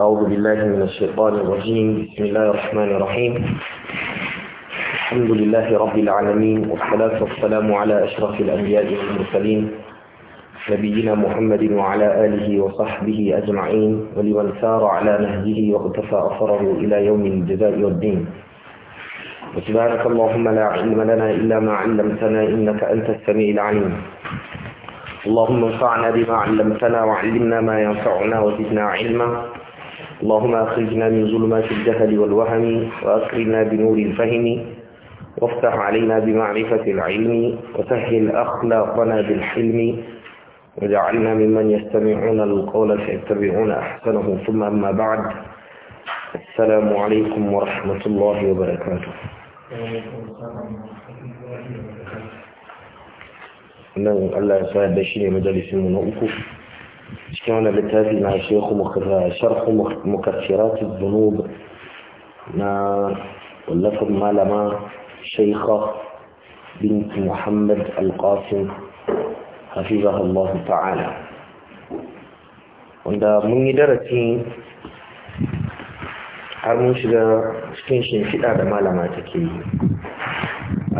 أعوذ بالله من الشيطان الرجيم بسم الله الرحمن الرحيم الحمد لله رب العالمين والصلاة والسلام على أشرف الأنبياء والمرسلين نبينا محمد وعلى آله وصحبه أجمعين ولمن سار على نهجه واقتفى أثره إلى يوم الجزاء والدين وسبحانك اللهم لا علم لنا إلا ما علمتنا إنك أنت السميع العليم اللهم انفعنا بما علمتنا وعلمنا ما ينفعنا وزدنا علما اللهم أخرجنا من ظلمات الجهل والوهم وأكرمنا بنور الفهم وافتح علينا بمعرفة العلم وسهل أخلاقنا بالحلم وجعلنا ممن يستمعون القول فيتبعون أحسنه ثم أما بعد السلام عليكم ورحمة الله وبركاته nan Allah ورحمة الله وبركاته shi نعم، اجتمعنا بالتالي مع الشيخ شرح مكثرات الذنوب مع ولكم ما لما شيخة بنت محمد القاسم حفظها الله تعالى وندا من درسي harmon shiga cikin shinfiɗa da malama ta ke yi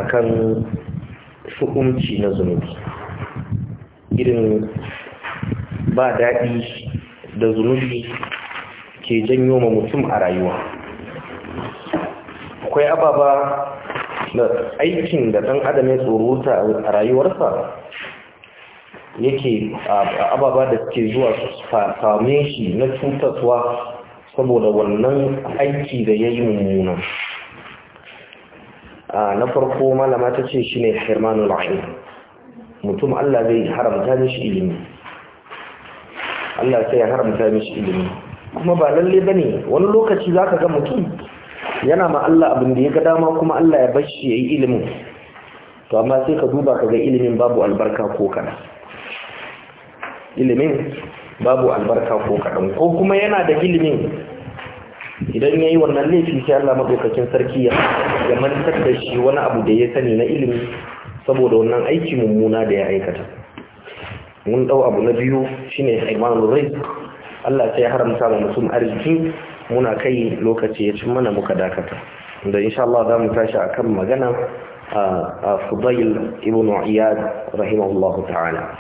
a kan hukunci na zunubi irin ba daɗi da zunubi ke janyo ma mutum a rayuwa akwai ababa da aikin da ɗan adam ya tsoruta a rayuwarsa yake a ababa da suke zuwa same shi na cutarwa saboda wannan aiki da ya yi mummuna na farko malama ta ce shi ne hermanul mutum allah zai haramta shi ilimi Allah sai ya haramta mishi ilimi kuma ba lalle bane wani lokaci zaka ga mutum yana ma Allah abin da ya ga dama kuma Allah ya bashi yayi ilimin to amma sai ka duba ka ga ilimin babu albarka ko kana ilimin babu albarka ko kadan ko kuma yana da ilimin idan yayi wannan laifi sai Allah madaukakin sarki ya ya mantar da shi wani abu da ya sani na ilimi saboda wannan aiki mummuna da ya aikata mun dau abu na biyu shine haimanul rizq Allah sai ya haramta mu mutum arziki muna kai lokaci ya cin mana muka dakata da insha Allah za mu tashi akan magana a Fudail ibn Iyad rahimahullahu ta'ala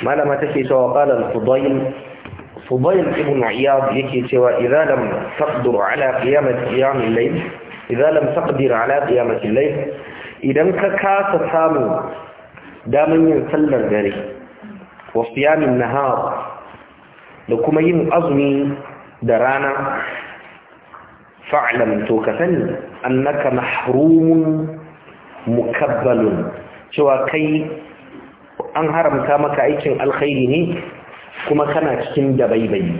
malama take cewa qala al-Fudail Fudail ibn Iyad yake cewa idza lam taqdir ala qiyamati qiyam al-layl idza lam taqdir ala qiyamati al-layl idan ka kasa samu daman yin sallar dare wa siyamin nahar da kuma yin azumi da rana fa'lam to ka sani annaka mahrumun mukabbalun cewa kai an haramta maka aikin alkhairi ne kuma kana cikin dabaibayi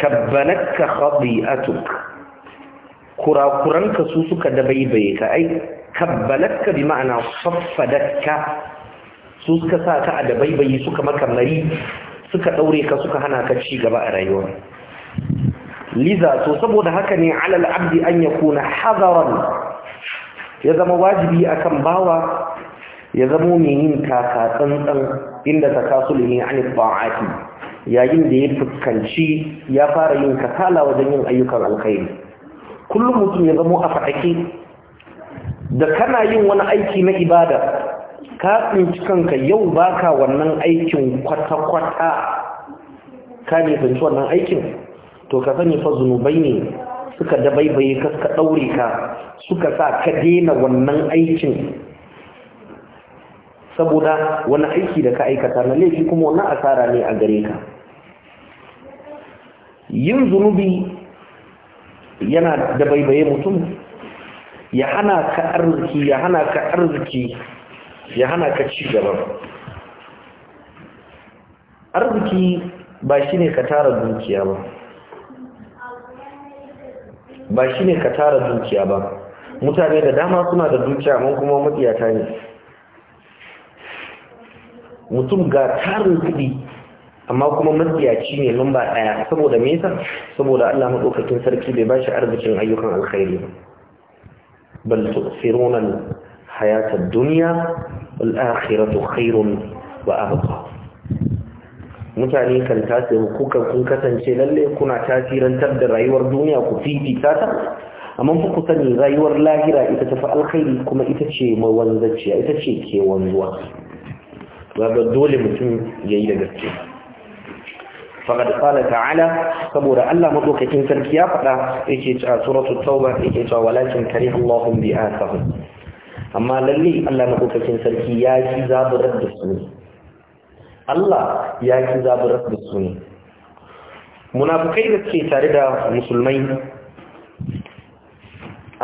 kabbanaka khadi'atuk kurakuranka su suka dabaibaye ka ai kabbalaka bi ma'ana saffadaka su suka sa ka a da baibayi suka mari, suka ɗaure ka suka hana ka ci gaba a rayuwa liza to saboda haka ne alal abdi an kuna, hadaran ya zama wajibi akan bawa ya zamo mai yin taka tsantsan inda takasuli ne an ta'ati yayin da ya fuskanci ya fara yin kasala wajen yin ayyukan alkhairi kullum mutum ya zamo a faɗake da kana yin wani aiki na ibada ka tsinci kanka yau baka wannan aikin kwata-kwata ka ne tsinci wannan aikin to ka sani fa zunubai ne suka dabaibaye ka suka ɗaure ka suka sa ka daina wannan aikin saboda wani aiki da ka aikata na laifi kuma wani asara ne a gare ka yin zunubi yana dabaibaye mutum ya hana ka arziki ya hana ka arziki ya hana ka ci gaba arziki ba shi ne ka tara dukiya ba ba shi ne ka tara dukiya ba mutane da dama suna da dukiya amma kuma matsiyata ne mutum ga tarin kuɗi amma kuma matsiyaci ne lamba ɗaya saboda mesa yasa saboda Allah maɗaukakin sarki bai ba shi arzikin ayyukan alkhairi ba bal tu'siruna hayatar duniya al'akhiratu khairun wa mutane kan tasiru kukan kun kasance lalle kuna tasirantar da rayuwar duniya ku fifita ta amma fa ku sani rayuwar lahira ita ta alkhairi kuma ita ce mawanzaciya ita ce ke wanzuwa ga dole mutum yayi da gaske faqad qala ta'ala saboda Allah madaukakin sarki ya faɗa yake cewa suratul tauba yake cewa walakin kariha Allahu bi'asahum amma lalle Allah madaukakin sarki ya ki zaburar da su ne Allah ya ki zaburar da su ne munafikai da ke tare da musulmai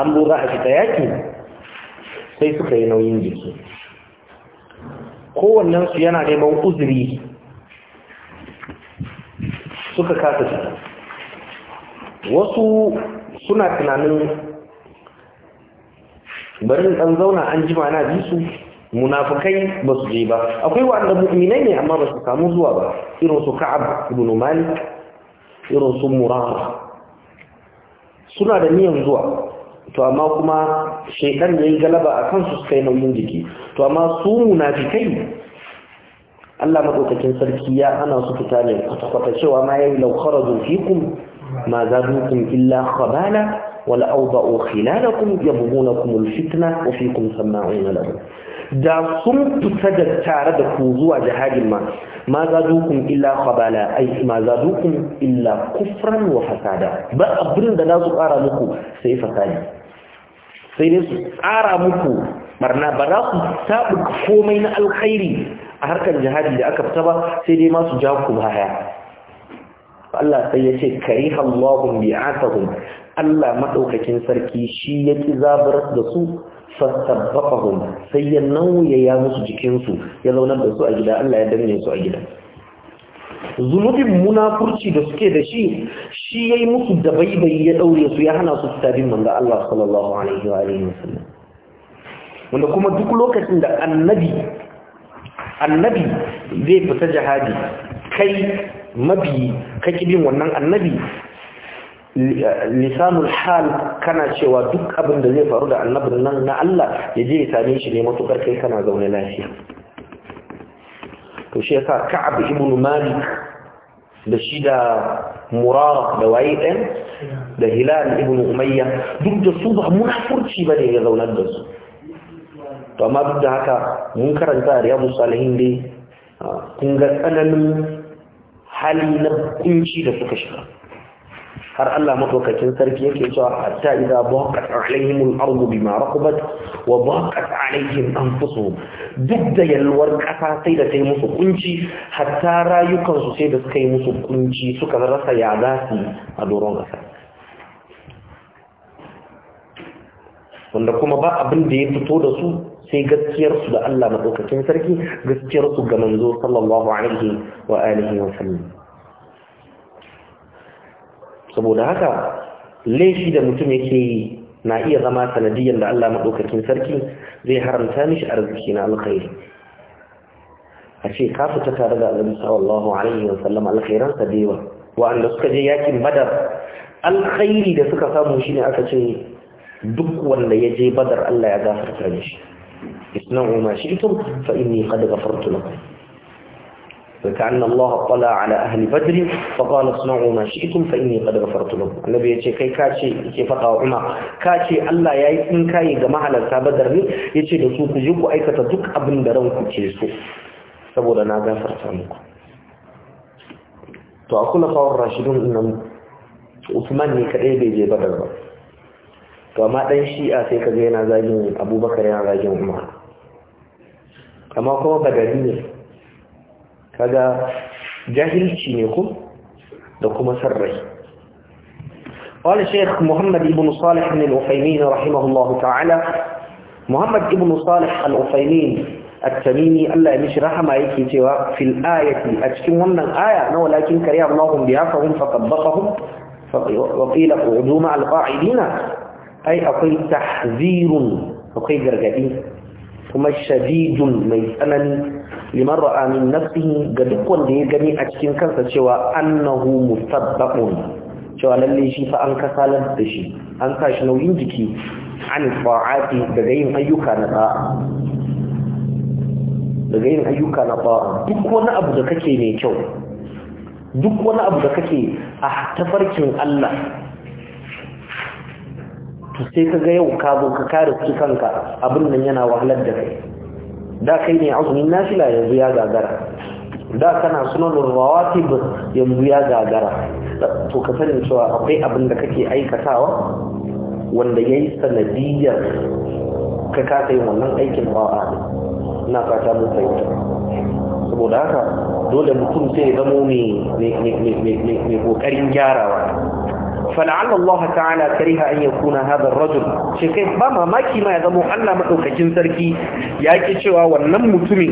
an zo a fita yaki sai suka yi nauyin jiki su yana neman uzuri suka kasa wasu suna tunanin bari ɗan dan zauna an jima na bi su munafikai ba su je ba akwai wanda mu'minai ne amma ba su samu zuwa ba irin su Ka'ab ibn Malik irin su Murara suna da niyan zuwa to amma kuma shaitan yi galaba a kansu su kai nauyin jiki to amma su munafikai Allah madaukakin sarki ya ana su fita ne A kwata cewa ma yayi law kharaju fikum ma zadukum illa khabala wal awda'u khilalakum yabghunakum al fitna wa fikum sama'una lahum da sun fita da tare da ku zuwa jihadin ma ma dukun illa khabala ai ma zadukum illa kufran wa fasada ba abin da za su ƙara muku sai fasadi sai dai su ƙara muku barna ba za ku tabu komai na alkhairi a harkar jihadi da aka fita ba sai dai ma su ja ku baya Allah sai ya ce kariha Allahum bi'atahum Allah madaukakin sarki shi ya ki zabar da su fastabbaqahum sai ya nauya ya musu jikin su ya zaunar da su a gida Allah ya danne su a gida zunubin munafurci da suke da shi shi yayi musu dabaibai ya daure su ya hana su tabin manzo Allah sallallahu alaihi wa alihi wasallam wanda kuma duk lokacin da annabi annabi zai fita jihadi kai mabi kaki bin wannan annabi lisanul hal kana cewa duk abin da zai faru da annabin nan na Allah ya je ya same shi ne matukar kai kana zaune lafiya to shi yasa Ka'ab ibn Malik da shi da Murawa da waye da Hilal ibn Umayya duk da su ba munafurci ya zaunar da su to amma duk da haka mun karanta a Riyadu Salihin dai kun ga tsananin hali na kunci da suka shiga har Allah madaukakin sarki yake cewa hatta idza baqat alaihim al-ardu bima raqubat wa baqat alaihim anfusuhum duk da yalwar ƙasa sai da tai musu kunci hatta rayukan su sai da suka yi musu kunci suka rasa ya a doron kasa wanda kuma ba abin da ya fito da su sai gaskiyarsu da Allah maɗaukakin sarki gaskiyarsu ga manzo sallallahu alaihi wa alihi wa sallam saboda haka laifi da mutum yake yi na iya zama sanadiyyan da Allah maɗaukakin sarki zai haramta mishi arziki na alkhairi a ce ka fita tare da annabi sallallahu alaihi wa sallam alkhairan sa dewa wa'anda suka je yakin badar alkhairi da suka samu shine aka ce duk wanda ya je badar Allah ya gafarta mishi اصنعوا ما شئتم فإني قد غفرت لكم فكأن الله طلع على أهل بدر فقال اصنعوا ما شئتم فإني قد غفرت لكم النبي يتي كي كاشي يتي فقا عمر كاشي الله ياي إن كاي جماعة لسا بدر ني يتي دسو كجوكو أي كتدك أبن درون كتيسو سبولا نا غفرت لكم تو أقول قول الراشدون إن عثمان ne kaɗai bai je badar ba to amma dan shi'a sai ka ga yana zagin abubakar yana zagin umar amma kuma badari ne kaga jahilci ne ko da kuma sarrai قال الشيخ محمد بن صالح بن العثيمين رحمه الله تعالى محمد بن صالح العثيمين التميمي الله يمشي رحمه yake cewa fil ayati a cikin wannan aya na walakin kariya Allahum biha fa hum faqabbahum wa qila ai akwai tahzirun akwai gargadi kuma shadidun mai tsanani liman ra'a min nafsihi ga duk wanda ya gani a cikin kansa cewa annahu musabbaqun cewa lalle shi fa an kasalar da shi an sa shi nauyin jiki an fa'ati daga yin ayyuka na da'a daga yin ayyuka na da'a duk wani abu da kake mai kyau duk wani abu da kake a tafarkin Allah to sai ka ga yau ka zo ka kare su kanka abin nan yana wahalar da kai da kai ne azumin nafila yanzu ya gagara da kana sunan rawatib yanzu ya gagara to ka sani cewa akwai abin da kake aikatawa wanda yayi sanadiyar ka kasa yin wannan aikin ba'a ina fata mun fahimta saboda haka dole mutum sai ya zamo mai kokarin gyarawa فلعل الله تعالى كره أن يكون هذا الرجل شكي بما ما كما يضمو ألا مدوك جنسركي ياكي شوى ونم متمي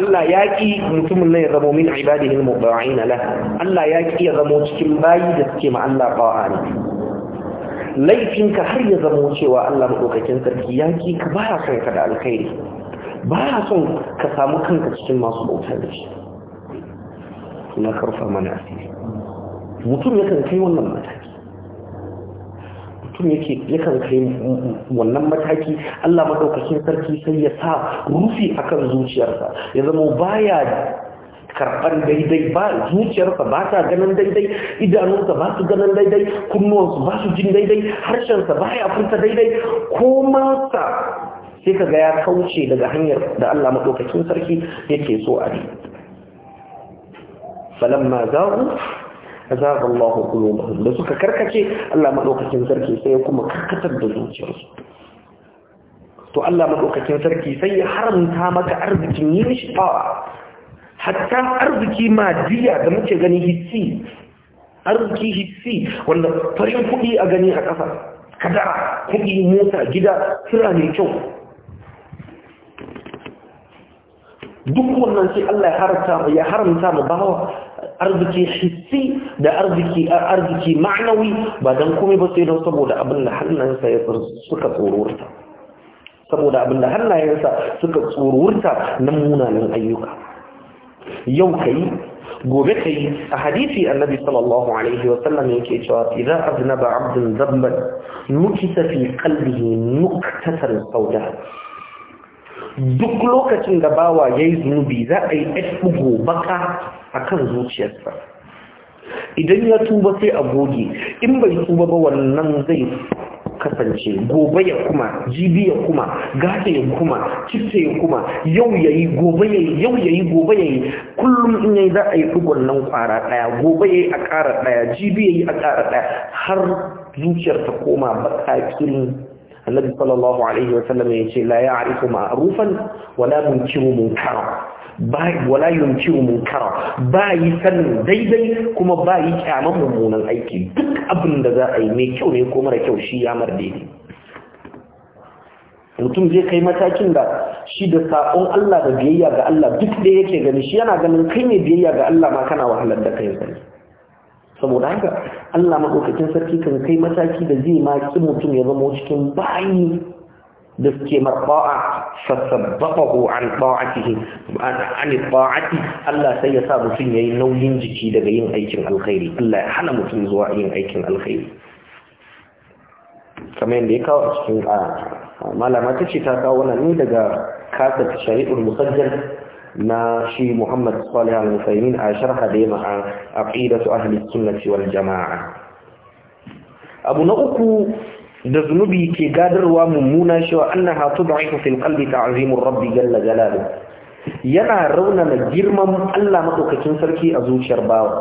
Allah ya ƙi mutumin nan ya zamo min ibadihin mubaina la Allah ya ƙi ya zamo cikin bayi da suke ma Allah Laifin ka har ya zamo cewa Allah madaukakin sarki ya ƙi ka ba son ka da alkhairi ba son ka samu kanka cikin masu bautar da shi na karfa mana asiri mutum yakan kai wannan mataki mutum yakan kai wannan mataki Allah madaukakin sarki sai ya sa rufi akan zuciyarsa ya zama baya karɓar daidai ba zuciyarsa ba ta ganin daidai idanunsa ba su ganin daidai kunnuwansu ba su jin daidai harshensa ba ya furta daidai komansa sai ka ga ya kauce daga hanyar da Allah madaukakin sarki yake so a ne falamma za'u azaba Allahu qulubahum da suka karkace Allah madaukakin sarki sai kuma karkatar da zuciyarsu to Allah madaukakin sarki sai ya haramta maka arzikin yin shafawa hatta arziki madiya da muke gani hissi arziki hissi wanda farin kuɗi a gani a ƙasa kadara kuɗi mota gida sura mai kyau duk wannan sai Allah ya haramta ya haramta mu bawa arziki hissi da arziki arziki ma'nawi ba dan komai ba sai don saboda abin da hannansa ya suka tsorurta saboda abin da hannayensa suka tsorurta na munanan ayyuka yau kai gobe kai a hadisi annabi sallallahu alaihi wa sallam yake cewa idan aznaba abdun zabban nukita fi qalbihi nuqtatan sauda duk lokacin da bawa ya yi zunubi za a yi ɗaɗɗugo baka a kan zuciyarsa idan ya tuba sai a goge in bai tuba ba wannan zai kasance gobe ya kuma jibi ya kuma gata ya kuma cifte ya kuma yau ya yi gobe ya yi yau ya yi gobe ya yi kullum in ya yi za a yi ɗugon nan ƙwara ɗaya gobe ya yi a ƙara ɗaya jibi ya yi a ƙara ɗaya har zuciyar ta koma ƙaƙirin annabi sallallahu alaihi wa sallam ya ce la ya'rifu ma'rufan wala munkiru munkara bai wala yunkiru munkara ba yi sanin daidai kuma ba yi kyaman mummunan aiki duk abin da za a yi mai kyau ne ko mara kyau shi ya mar daidai mutum zai kai matakin da shi da saƙon Allah da biyayya ga Allah duk da yake gani shi yana ganin kai ne biyayya ga Allah ma kana wahalar da kai sani saboda haka Allah maɗaukakin sarki kan kai mataki da zai ma ki mutum ya zama cikin bayi da suke marfa'a sassabbafahu an ta'atihi an ta'ati Allah sai ya sa mutum yayi nauyin jiki daga yin aikin alkhairi Allah ya hana mutum zuwa yin aikin alkhairi kamar yadda ya kawo a cikin malama ta ce ta kawo wannan ne daga kasa shari'ar musajjal na shi Muhammad Salih al a sharha da yamma a aqidatu ahli sunnati wal jamaa abu na uku da zunubi ke gadarwa mummuna shi wa annaha tud'ifu fil qalbi ta'zimur rabbi jalla jalaluhu yana raunana girman Allah madaukakin sarki a zuciyar bawa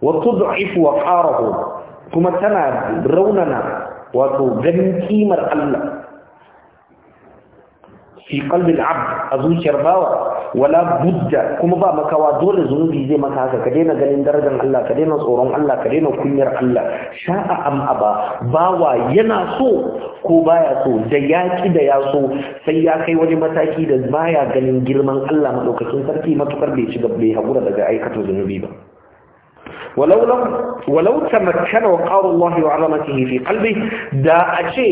wa tud'ifu waqarahu kuma tana raunana wato ganin kimar Allah fi qalbil abd a zuciyar bawa wala budda kuma ba makawa dole zunubi zai maka haka ka daina ganin darajar Allah ka daina tsoron Allah ka daina kunyar Allah sha'a am aba bawa yana so ko baya so da yaki da ya so sai ya kai wani mataki da baya ganin girman Allah madaukakin sarki matukar bai ci gaba bai hakura daga aikata zunubi ba walau tamakkana wa qawlu Allahi wa 'azamatihi fi qalbi da ce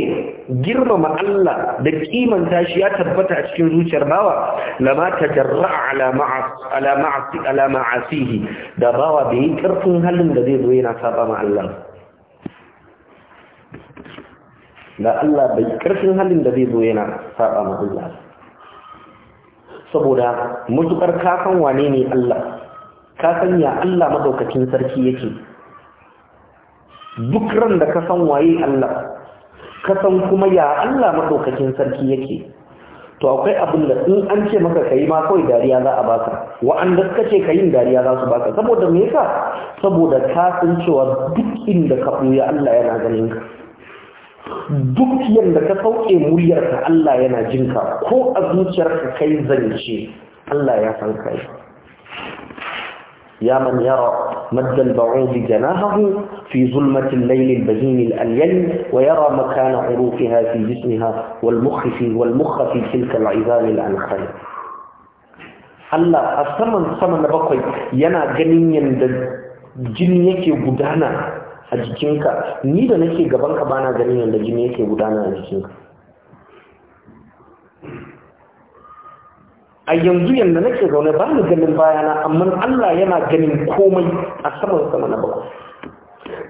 girmama Allah da kiman tashi ya tabbata a cikin zuciyar bawa lama tajarra ala ma'as ala ma'as ala ma'asihi da bawa bai karfin halin halin da zai zo yana saba ma Allah saboda mutukar kafan wane ne Allah ka san ya Allah madaukakin sarki yake duk ran da ka san waye Allah ka san kuma ya Allah madaukakin sarki yake to akwai abin da in an ce maka kai ma kawai dariya za a baka wa'anda suka ce kayin dariya za su baka saboda me yasa saboda ka san cewa duk inda ka buya Allah yana ganin ka duk yanda ka sauke muryarka Allah yana jinka ko a zuciyarka kai zance Allah ya san kai يا من يرى مد البعوض جناحه في ظلمة الليل البهين الأليل ويرى مكان عروقها في جسمها والمخ في والمخ في تلك العظام الأنخل الله أسمن سمن بقي ينا جنيا جنيك يبدانا أجيكينك نيدا نكي غبانك بانا جنيا جنيك يبدانا أجيكينك a yanzu na nake zaune ba ni ganin bayana amma Allah yana ganin komai a saman sama na bakwai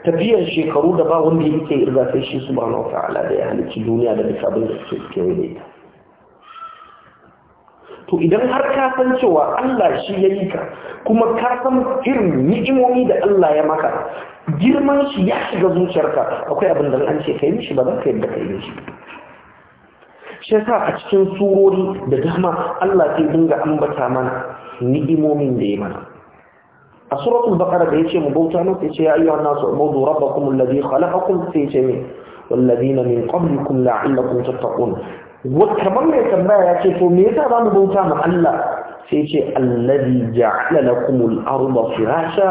tafiyar shekaru da ba wanda yake irga sai shi subhanahu wa ala da ya halicci duniya da bisa abin da suke kewaye da ta. to idan har ka san cewa Allah shi ya yi ka kuma ka san irin ni'imomi da Allah ya maka girman shi ya shiga zuciyarka akwai abin da an ce kai mishi ba za ka yadda kai mishi shi yasa a cikin surori da dama Allah sai dinga ambata mana ni'imomin da yake mana a suratul baqara da yake mu bauta masa yace ya ayyuhan nasu ubudu rabbakum alladhi khalaqakum sai yace me walladhina min qablikum la'allakum tattaqun kamar mai tambaya ya ce to me yasa ba mu bauta ma Allah sai ce alladhi ja'ala lakum al-ardha firasha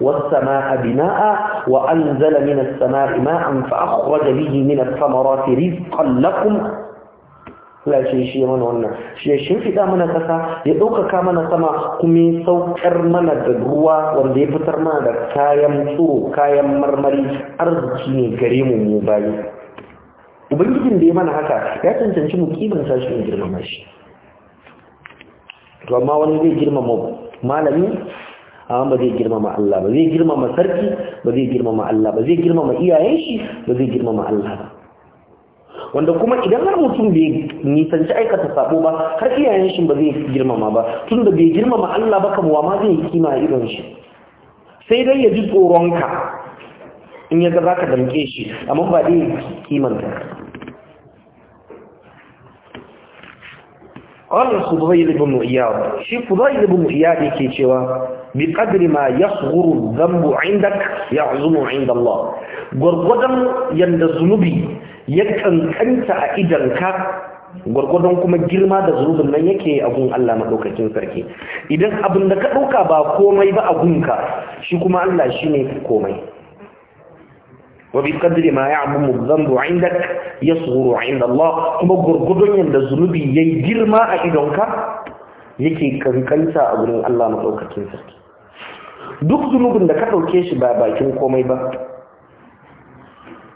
was samaaa binaa'a wa anzala minas samaa'i ma'an fa akhraja bihi min ath thamarati rizqan lakum Allah shi shi mana wannan shi ya shimfiɗa mana ƙasa ya ɗaukaka mana sama kuma ya saukar mana da ruwa wanda ya fitar mana da kayan tsoro kayan marmari arziki ne gare mu mu bayi ubangijin da ya mana haka ya cancanci mu kimanta sashi in girmama shi to amma wani zai girmama malami amma ba zai girmama Allah ba zai girmama sarki ba zai girmama Allah ba zai girmama iyayen shi ba zai girmama Allah ba wanda kuma idan har mutum bai nisanci aikata sabo ba har iyayen shi ba zai girmama ba tun da bai girmama Allah ba kamuwa ma zai kima irin shi sai dai ya ji tsoronka in ya ga za ka damke shi amma ba dai kimanta قال الفضيل بن عياض شي فضيل بن عياض yake cewa biqadri ma yasghuru dhanbu indak ya'zumu inda Allah Gwargwadon, yanda zunubi ya kankanta a idanka gwargwadon kuma girma da zurubin nan yake a Allah maɗaukakin sarki idan abin da ka ɗauka ba komai ba a gunka shi kuma Allah shi ne komai wabi kadiri ma ya abu muzambu indak ya tsoro inda Allah kuma gwargwadon yadda zunubi ya yi girma a idonka yake kankanta a gurin Allah maɗaukakin sarki duk zunubin da ka ɗauke shi ba bakin komai ba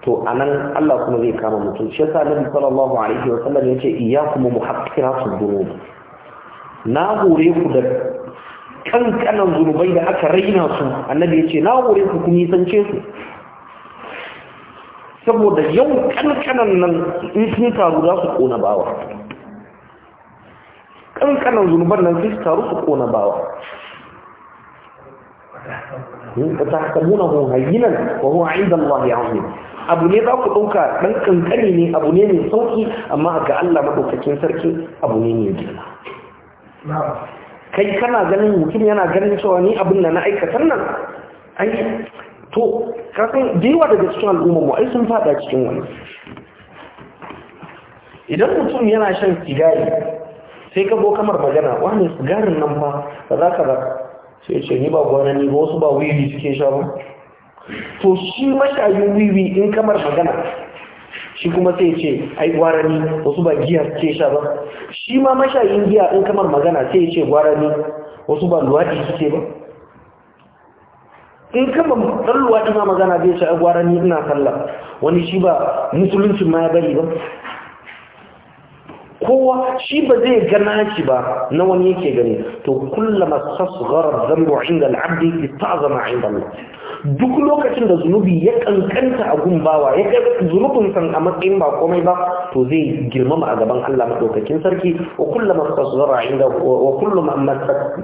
to anan Allah kuma zai kama mutum shi yasa Annabi sallallahu alaihi wa sallam yace iyyakum muhaqqiratud dhunub na hore ku da kankanan zunubai da aka raina su Annabi yace na hore ku ku nisance su saboda yau kankanan nan in sun taru za su kona bawa kankanan zunuban nan sun taru su kona bawa تحسبونه هينا وهو عند الله عظيم abu ne za ku ɗauka ɗan ƙanƙani ne abu ne mai sauƙi amma ga Allah maɗaukakin sarki abu ne mai girma kai kana ganin mutum yana ganin cewa ni abin da na aikatar nan ai to kasan yawa daga cikin al'umma mu ai sun fada cikin wani idan mutum yana shan sigari sai ka zo kamar magana wani sigarin nan ba ba za ka ba sai ce ni ba gwanani ba wasu ba wili suke sha ba to shi mashayin wiwi in kamar magana shi kuma sai ce ai gwarani wasu ba giya ke sha ba shi ma mashayin giya in kamar magana sai ce gwarani wasu ba luwaɗi suke ba in kama ɗan luwaɗi ma magana zai ce ai gwarani ina sallah wani shi ba musulunci ma ya bari ba kowa shi ba zai gana shi ba na wani yake gani to kullama sasgara dhanbu inda al-'abdi istazama 'inda Allah duk lokacin da zunubi ya kankanta a gumbawa ya kai zunubin san a matsayin ba komai ba to zai girmama a gaban Allah madaukakin sarki wa ma tasghara inda wa kullama amma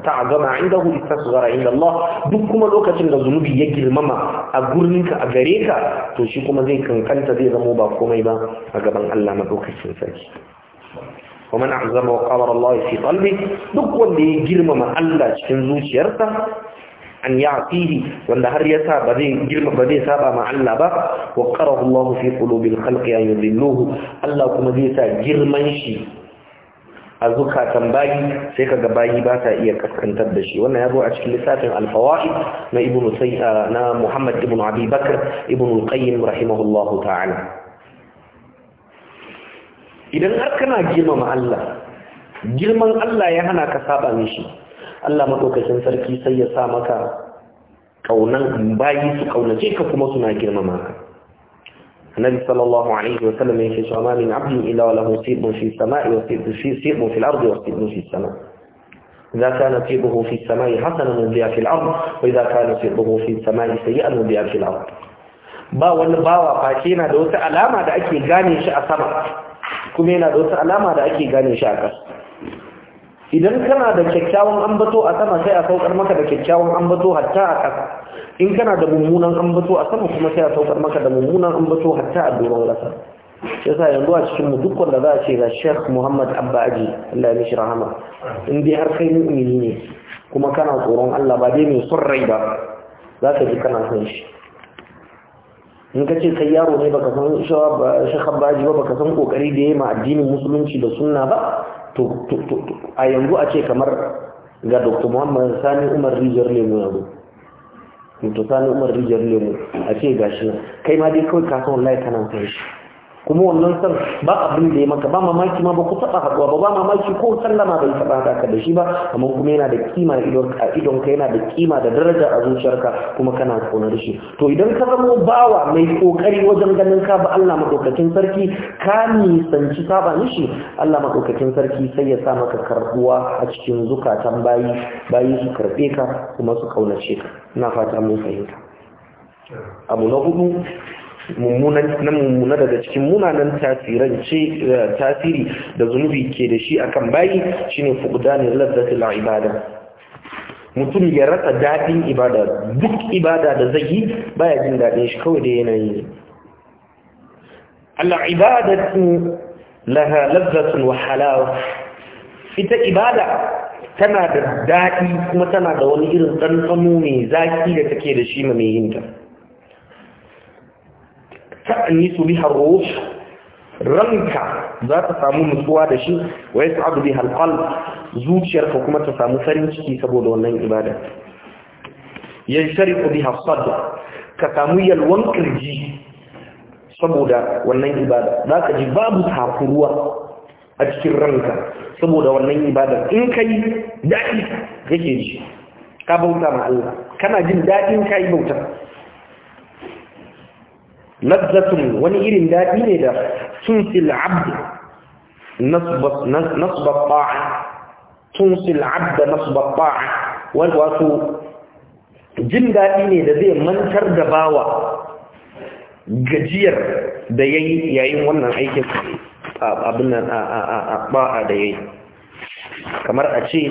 ta'zama hu tasghara inda Allah duk kuma lokacin da zunubi ya girmama a gurinka a gare ka to shi kuma zai kankanta zai zamo ba komai ba a gaban Allah madaukakin sarki ومن اعظم وقبر الله في قلبه duk wanda ya girmama Allah cikin zuciyarsa an wanda har ya sa ba zai girma ba zai saba ma Allah ba wa qarahu Allah fi qulubil khalqi an yudilluhu Allah kuma zai sa girman shi a zukatan bayi sai kaga bayi ba ta iya kaskantar da shi wannan ya zo a cikin lissafin alfawaid na ibnu sai ah, na Muhammad ibn Abi Bakr ibn al-Qayyim rahimahullahu ta'ala idan har kana girmama Allah girman Allah ya hana ka saba mishi Allah maɗaukacin sarki sai ya sa maka kaunan bayi su kaunace ka kuma suna girmama ka النبي صلى الله عليه وسلم يشفع ما من عبد إلا وله سيب في السماء وسيب في, سيب في الأرض وسيب في السماء إذا كان سيبه في السماء حسنا نبيع في الأرض وإذا كان سيبه في السماء سيئا نبيع في الأرض ba wani bawa face yana da wata alama da ake gane shi a sama kuma yana da wata alama da ake gane shi a ƙasa idan kana da kyakkyawan ambato a sama sai a saukar maka da kyakkyawan ambato hatta a ƙasa in kana da mummunan ambato a sama kuma sai a saukar maka da mummunan ambato hatta a doron ƙasa yasa yanzu a cikin mu duk wanda za a ce ga Sheikh Muhammad Abba Aji Allah ya mishi rahama in dai har kai mu'mini ne kuma kana tsoron Allah ba dai mai son rai ba za ka ji kana son shi in ka ce kai yaro ne baka san Sheikh Abba ba baka san kokari da yayi ma addinin musulunci da sunna ba a yanzu a ce kamar ga dr muhammad sani umar rijiyar lemu yanzu dr sani umar rijiyar lemu a ce gashi kai ma dai kawai kasuwan laifin kana san shi kuma wannan san ba abin da ya maka ba mamaki ma ba ku taba haɗuwa ba ba mamaki ko sallama bai taba haɗa ka da shi ba amma kuma yana da kima a idon ka yana da kima da daraja a zuciyarka kuma kana kaunar shi to idan ka zama bawa mai kokari wajen ganin ka ba Allah madaukakin sarki ka nisanci saba shi Allah madaukakin sarki sai ya sa maka karbuwa a cikin zukatan bayi bayi su karbe ka kuma su kaunace ka ina fata mun fahimta abu na hudu mummunan na mummuna daga cikin munanan eh, tasiri da zunubi ke da shi akan bayi shine fuqdanul ladzatil ibada mutum ya rasa daɗin ibada duk ibada da zai yi baya jin daɗin shi kawai da yanayi Allah ibadatu laha wa halawa ita ibada tana da daɗi kuma tana da wani irin ɗanɗano mai zaki da take da shi mai yinta ta'ani su biha ruh ranka za ta samu nutsuwa da shi wa yas'adu biha alqalb zuciyarka kuma ta samu farin ciki saboda wannan ibada yanshariqu biha sadr ka samu yalwan kirji saboda wannan ibada za ka ji babu takuruwa a cikin ranka saboda wannan ibada in ka kai daɗi kake ji ka bauta ma Allah kana jin daɗin ka yi bautar lazzatun wani irin daɗi ne da tunsil abd nasbat tunsil abd nasbat wato jin daɗi ne da zai mantar da bawa gajiyar da yayi yayin wannan aikin abin a ba'a da yayi kamar a ce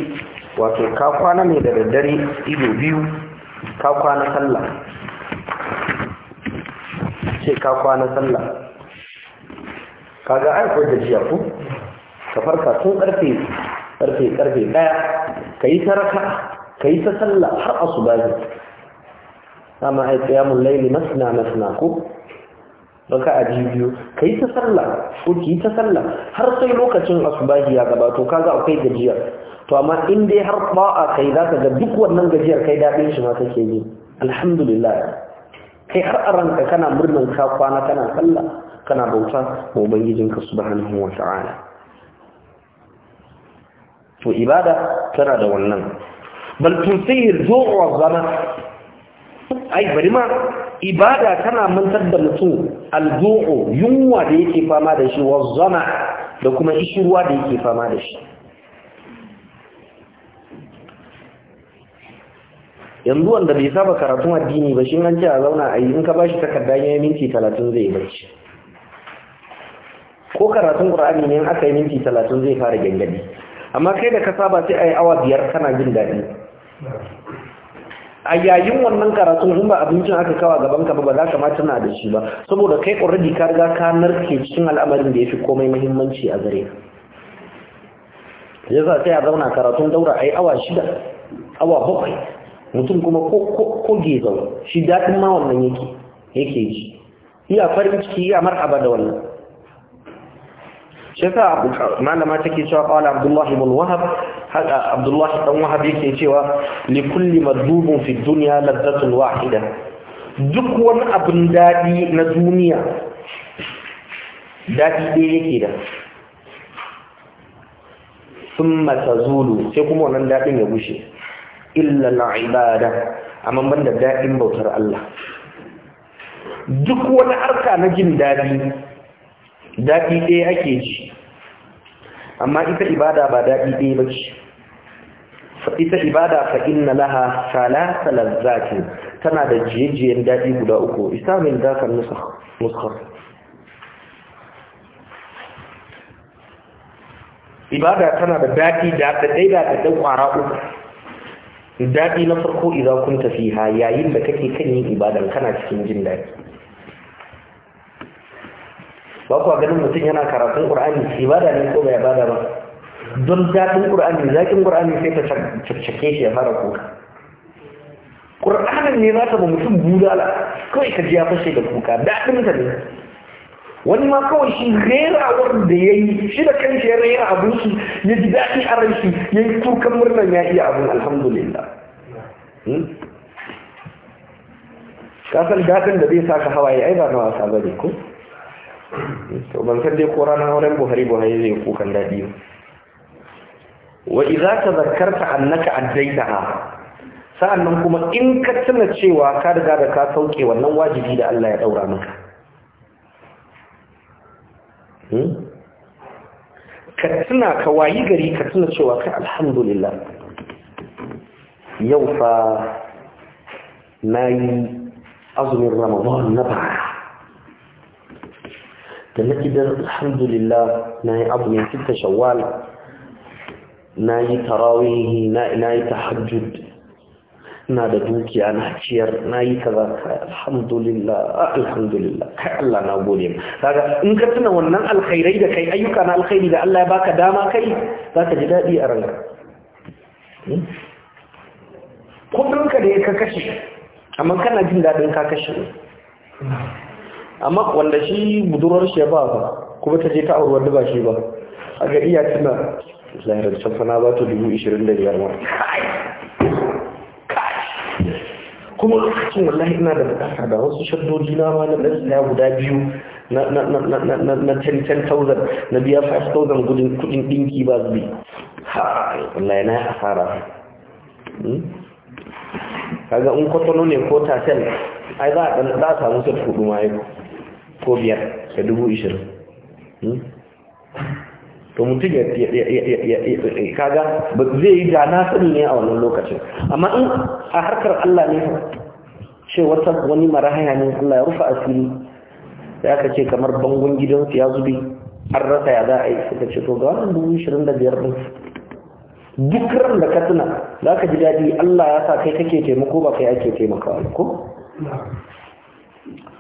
wato ka kwana ne da daddare ido biyu ka kwana sallah ce ka kwana sallah kaga ai ko da jiya ko ka farka tun karfe karfe karfe daya kai ta raka kai ta sallah har asuba ne amma ai qiyamul layli masna masna ko raka a biyu kai ta sallah ko ki ta sallah har sai lokacin asubahi ya gabato kaga akwai gajiyar to amma in dai har ba'a kai zaka ga duk wannan gajiyar kai dadin shi ma kake yi alhamdulillah kai har a ranka kana murnan ka kwana kana sallah kana bauta wa ubangijinka subhanahu wa ta'ala to ibada tana da wannan bal tusir zuwa zama ai bari ma ibada tana mantar da mutum alzu'u yunwa da yake fama da shi wa zama da kuma ishirwa da yake fama da shi yanzu wanda bai saba karatun addini ba shi an ce a zauna a yi in ka bashi takarda ya minti talatin zai bacci ko karatun qur'ani ne in aka yi minti talatin zai fara gangadi amma kai da ka saba sai a yi awa biyar kana jin daɗi a yayin wannan karatun in ba abincin aka kawa gaban ka ba ba za ka ma tana da shi ba saboda kai already ka riga ka narke cikin al'amarin da ya fi komai muhimmanci a gare ka yasa sai a zauna karatun daura ai awa shida awa bakwai mutum kuma ko gezau shi daɗin ma wannan yake yake ji iya farin ciki iya marhaba da wannan shi ta malama take cewa qala abdullahi bin wahab hada abdullahi dan wahab yake cewa li kulli madbubun fi duniya ladatun wahida duk wani abin daɗi na duniya daɗi ɗaya yake da sun Zulu sai kuma wannan daɗin ya gushe illa ibada amma ban da daɗin bautar Allah duk wani arka na jin daɗi daɗi ɗaya ake ji amma ita ibada ba daɗi ɗaya ba ce ita ibada fa inna laha salasa lazzati tana da jiyejiyen daɗi guda uku islamin zakar nuskar ibada tana da daɗi da ɗaya da ɗaya ƙwara uku daɗi na farko idan kun ha yayin da kake kan yin ibadan kana cikin jin daɗi ba kuwa ganin mutum yana karatun ƙur'ani ibada ne ko bai ibada ba don daɗin ƙur'ani zaƙin ƙur'ani sai ta cakcake shi ya fara kuka ƙur'anin ne za ta ba mutum budala kawai ka ji ya fashe da kuka daɗin ka ne wani ma kawai shi rerawar da ya yi shi da kan ya rera abun shi ya ji daɗi a ran shi ya yi kukan murnan ya iya abun alhamdulillah hmm? kasar daɗin da zai saka hawaye ai ba na wasa ba ne ko to ban san dai ko ranar auren buhari buhari zai kukan daɗi wa idza tadhakkarta annaka addaitaha nan kuma in ka tuna cewa ka riga da ka sauke wannan wajibi da Allah ya daura maka Hmm? ka tuna ka wayi gari ka tuna cewa kai alhamdulillah yau fa na yi azumin ramadan na bara da na idan alhamdulillah na yi azumin fita shawwal na yi tarawihi na yi tahajjud ina da dukiya na ciyar na yi kaza alhamdulillah ah, alhamdulillah kai Allah na gode mu kaga in ka tuna wannan alkhairai da kai ayyuka na alkhairi da Allah ya baka dama kai za ka ji daɗi a ranka hmm? kudin ka da ka kashe amma kana jin daɗin ka kashe amma wanda shi budurar shi ba ba kuma ta je ta aure wanda ba shi ba a gari ya tuna lahirar safana ba ta dubu ishirin da biyar ma kuma lokacin wallahi ina da bukata da wasu shaddoji na ma na ɗan guda biyu na 10,000 na biya 5,000 gudun kudin ɗinki ba bi ha wallahi na asara hmm? kaga in kwatano ne ko tasel ai za a samu sai kudu ma ko biyar da dubu ishirin hmm? to mutum ya kaga zai yi da na sani ne a wannan lokacin amma in a harkar Allah ne ce wata wani marahaya ne Allah ya rufa asiri da aka ce kamar bangon gidansu ya zube an rasa ya za a yi suka ce to ga wannan dubu shirin da biyar ɗin duk ran da ka tuna za ka ji daɗi Allah ya sa kai kake taimako ba kai ake taimakawa ko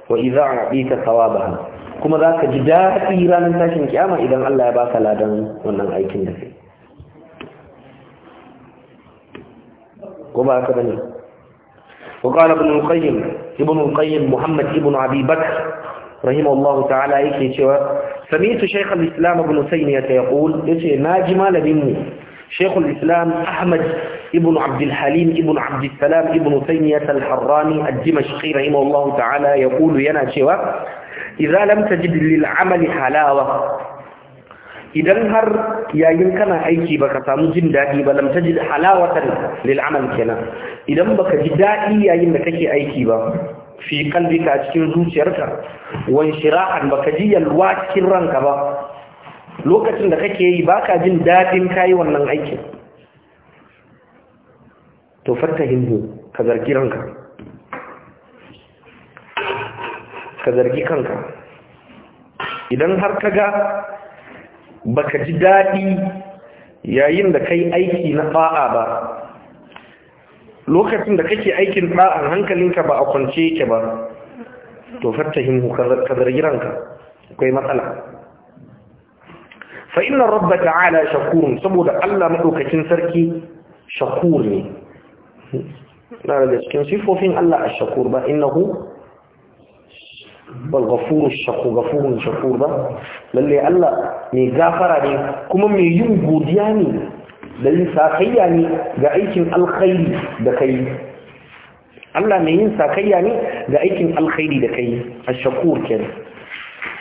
wa idza a'tita thawabaha kuma zaka ji daɗi ranar tashin kiyama idan Allah ya baka ladan wannan aikin da kai ko ba haka ibn al-qayyim ibn al-qayyim muhammad ibn abi bakr rahimahullah ta'ala yake cewa sami'tu shaykh al-islam ibn taymiyyah yaqul yace naji malamin mu shaykh islam ahmad Ibnu abdulhalim الحليم ابن عبد السلام ابن تيمية الحراني الدمشقي رحمه الله تعالى يقول ينا شوى إذا لم idan har yayin kana aiki baka samu jin daɗi ba lam tajid halawatan lil amal kenan idan baka ji daɗi yayin da kake aiki ba fi kalbika cikin zuciyarka wan shirahan baka ji yalwa cikin ranka ba lokacin da kake yi baka jin daɗin kai wannan aikin to hindu ka zargi ranka ka zargi kanka idan har ka ga baka ji daɗi yayin da kai aiki na ba'a ba lokacin da kake aikin ɗa'an hankalinka ba a kwance yake ba to hindu ka zargi ranka akwai matsala fa inna rabba ta'ala shakurun saboda Allah madaukakin sarki shakur ne na daga cikin sifofin Allah ash-shakur ba innahu wal ghafuru Shaku. shakur ghafurun shakur ba lalle Allah mai gafara ne kuma mai yin godiya ne da yin sakayya ne ga aikin alkhairi da kai Allah mai yin sakayya ne ga aikin alkhairi da kai A shakur kenan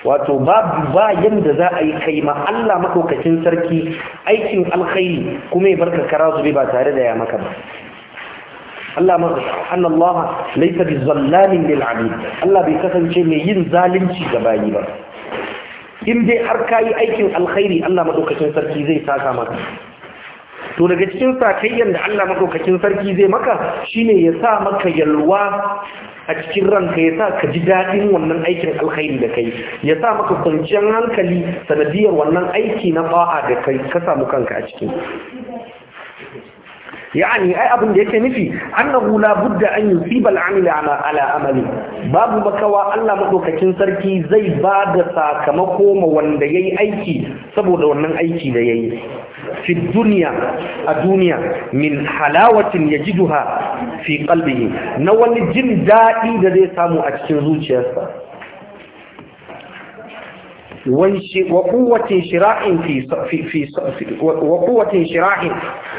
wato babu ba yanda za a yi kai ma Allah maɗaukacin sarki aikin alkhairi kuma ya barka kara zube ba tare da ya maka ba Allah ma anna Allah laysa bizallamin lil abid Allah bai kasance mai yin zalunci ga bayi ba in dai har kayi aikin alkhairi Allah madaukakin sarki zai saka maka to daga cikin sakayyan da Allah madaukakin sarki zai maka shine ya sa maka yalwa a cikin ranka ya sa ka ji daɗin wannan aikin alkhairi da kai ya sa maka kwanciyar hankali sanadiyar wannan aiki na ba'a da kai ka samu kanka a cikin yani ai abin da yake nufi annahu la budda an yusibal amil ala ala amali babu bakawa Allah madaukakin sarki zai ba da sakamako ma wanda yayi aiki saboda wannan aiki da yayi fi dunya a duniya min halawatin yajiduha fi qalbihi na wani jin dadi da zai samu a cikin zuciyarsa waƙuwacin shira'in waƙuwacin shira'in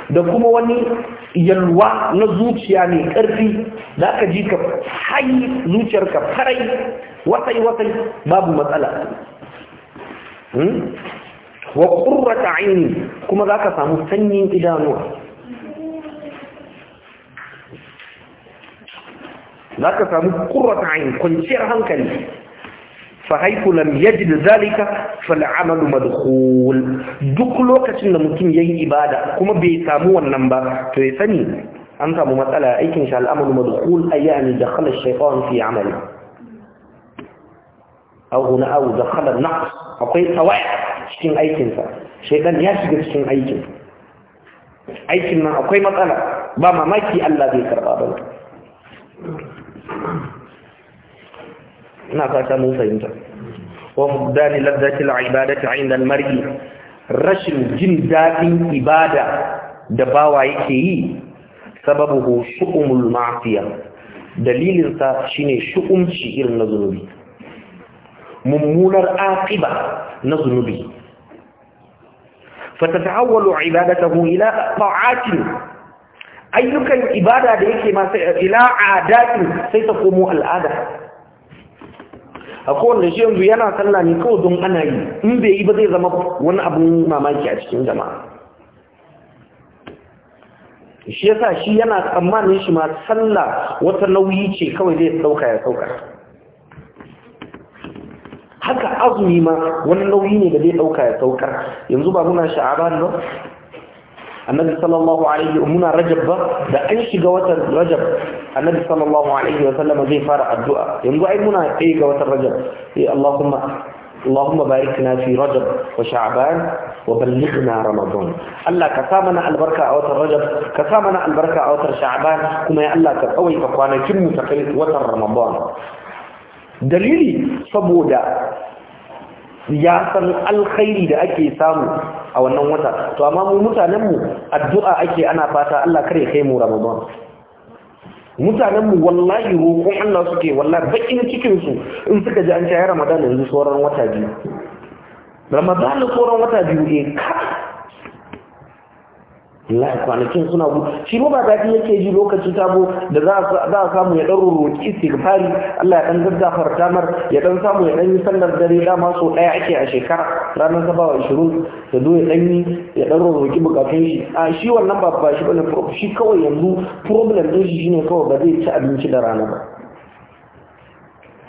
da kuma wani yalwa na zuciya mai ƙarfi da aka ji ka hayi zuciyarka farai watai-watai babu matsala hmm? wa ƙurrata aini kuma za ka samu sanyin idanuwa za ka samu ƙurrata aini kwanciyar hankali فحيث لم يجد ذلك فالعمل مدخول duk lokacin da mutum yayi ibada kuma bai samu wannan ba to ya sani an samu matsala aikin shi al'amalu madkhul ayani dakhala ash-shaytan fi amali aw huna aw dakhala an-naqs akwai tawaya cikin aikin sa shaytan ya shiga cikin aikin aikin nan akwai matsala ba mamaki Allah zai karba ba ina fata mun fahimta wa mudani ladzatil ibadati inda almar'i rashin jin dadin ibada da bawa yake yi sababu shu'umul ma'siya dalilin sa shine shu'umci irin na zunubi mummunar aqiba na zunubi fatata'awwalu ibadatahu ila ta'atin ayyukan ibada da yake masa ila adatin sai ta komo al'ada a kowanne shi yanzu yana sallah ne kawai don ana yi in bai yi ba zai zama wani abun mamaki a cikin jama'a shi yasa shi yana tsammanin shi ma sallah wata nauyi ce kawai zai sauka ya sauka haka azumi ma wani nauyi ne da zai sauka ya saukar yanzu ba muna ne ba annabi sallallahu alaihi muna rajab ba da an shiga watan rajab annabi sallallahu alaihi wa sallama zai fara addu'a yanzu ai muna tsaye ga watan rajab sai eh, allahumma اللهم باركنا في رجب وشعبان وبلغنا رمضان الله كسامنا البركة أوت الرجب كسامنا البركة أوت شعبان كما يا ka كأوي كقوانا كم تقريت وتر رمضان دليلي صبودا ya san alkhairi da ake samu a wannan wata to amma mu mutanen mu addu'a ake ana fata Allah kare kai mu Ramadan mutanen mu wallahi roƙon Allah suke wallahi bakin cikin su in suka ji an ci Ramadan yanzu sauran wata biyu Ramadan sauran wata biyu eh wallahi kwanakin suna gudu shi ba daɗi yake ji lokaci ta da za a samu ya ɗan roƙi istighfari Allah ya ɗan gaggafarta tamar ya ɗan samu ya ɗan yi sallar dare dama so ɗaya ake a shekara ranar ta bawa ishirin ya ya ɗan yi ya ɗan roƙi bukatun shi a shi wannan ba ba shi bane shi kawai yanzu problem ɗin shi shine kawai ba zai ci abinci da rana ba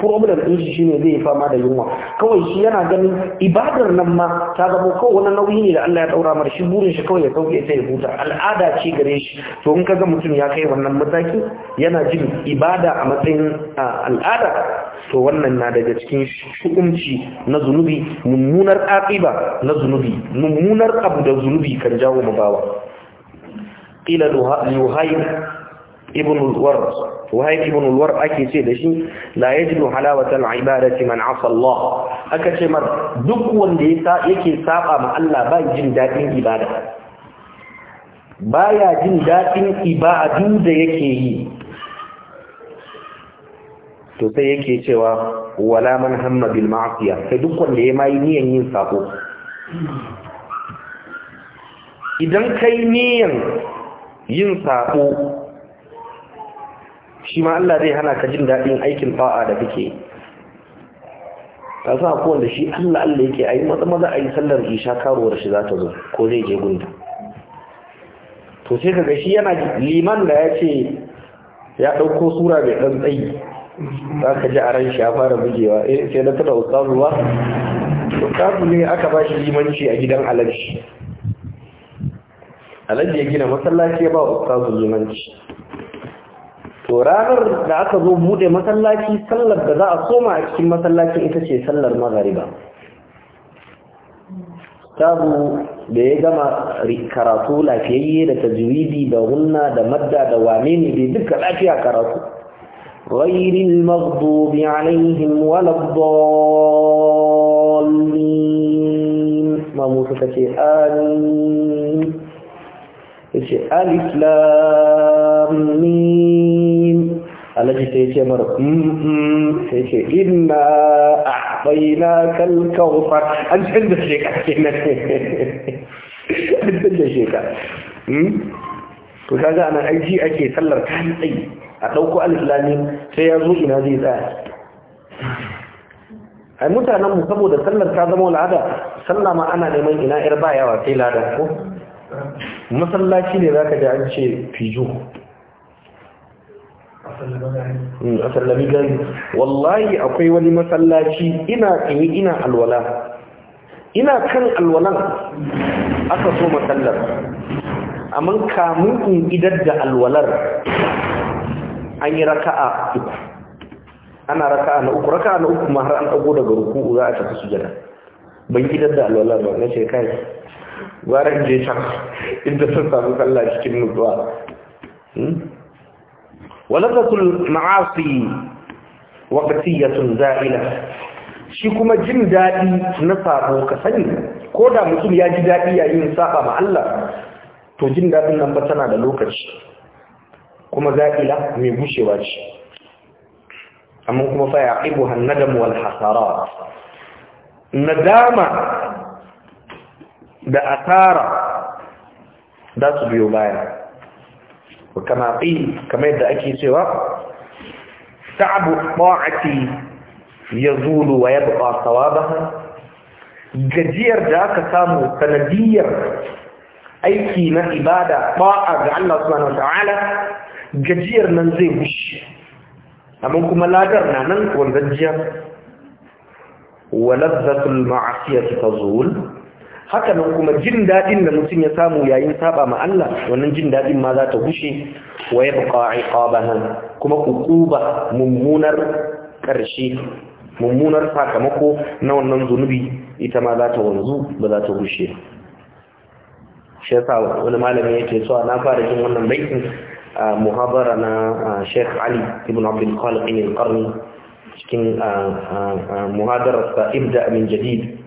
problem din shi shine zai fama da yunwa kawai shi yana ganin ibadar nan ma ta zama kawai wani nauyi ne da Allah ya daura mar shi burin shi kawai ya sauke sai ya huta al'ada ce gare shi to in kaga mutum ya kai wannan mataki yana jin ibada a matsayin al'ada to wannan na daga cikin shukunci na zunubi mummunar aqiba na zunubi mummunar abu da zunubi kan jawo mabawa qila yuhayy ibn al-war ibn al-war ake ce da shi la yajidu halawatan ibadati man asa Allah aka ce mar duk wanda yake saba ma Allah ba jin dadin ibada baya jin dadin ibadu da yake yi to sai yake cewa wala man hamma bil ma'siya sai duk wanda ya mai niyan yin sako idan kai niyan yin sako shi ma Allah zai hana ka jin daɗin aikin fa'a da kake ta sa ko shi Allah Allah yake yi maza maza yi sallar isha karuwar shi za ta zo ko zai je gunda to sai kaga shi yana liman da ya ce ya ɗauko sura mai ɗan tsayi za ka ji a ran shi ya fara bugewa eh sai na tara ustazu ba ustazu ne aka ba shi limanci a gidan alaji alaji ya gina masallaci ya ba ustazu limanci to ranar da aka zo bude masallaci sallar da za a soma a cikin masallacin ita ce sallar magariba tabu da ya gama karatu lafiyayye da tajwidi da hunna da madda da wane ne dai duka lafiya karatu غير المغضوب عليهم ولا ma musu موسى تكي آمين يقول alhaji sai ce mara sai ce ina a baina kalkaufa an canza sheka kenan an canza ta za a anan aiki ake sallar ta tsayi a ɗauko alislamin sai ya zo ina zai tsaya ai mutanen saboda sallar ta zama al'ada sallah ma ana neman ina yar yawa sai ladan ko masallaci ne ka ji an ce fijo asallami gani hmm, wallahi akwai wani masallaci ina tsaye ina alwala ina kan alwalan aka so masallar amma kamun in idar da alwalar an yi raka'a uku ana raka'a na uku raka'a na uku ma har an dago daga ruku za a tafi sujada ban idar da alwalar ba na ce kai gwara je can inda sun samu sallah cikin nutsuwa hmm? ولذة المعاصي وقتية za'ila. shi kuma jin daɗi na sabo ka sani ko da mutum ya ji daɗi yayin saba ma Allah to jin daɗin nan ba tana da lokaci kuma za'ila mai gushewa ce amma kuma fa yaqibu hannadam wal hasara nadama da asara da su biyo baya وكما قيل كما يبدأ أكي سوى تعب الطاعة يزول ويبقى صوابها gajiyar da aka samu sanadiyar aiki na ibada ba'a ga Allah subhanahu ta'ala gajiyar nan zai gushi amma kuma ladar na nan wanzajiya wa lazzatul ma'asiyati tazul haka nan kuma jin daɗin da mutum ya samu yayin saba ma Allah wannan jin daɗin ma za ta gushe wa ya buƙa iqabahan kuma uquba mummunar ƙarshe mummunar sakamako na wannan zunubi ita ma za ta wanzu ba za ta gushe shi yasa wani malami yake cewa na fara jin wannan baitin a muhabara na Sheikh Ali ibn Abdul Khaliq al-Qarni cikin muhadararsa ibda min jadid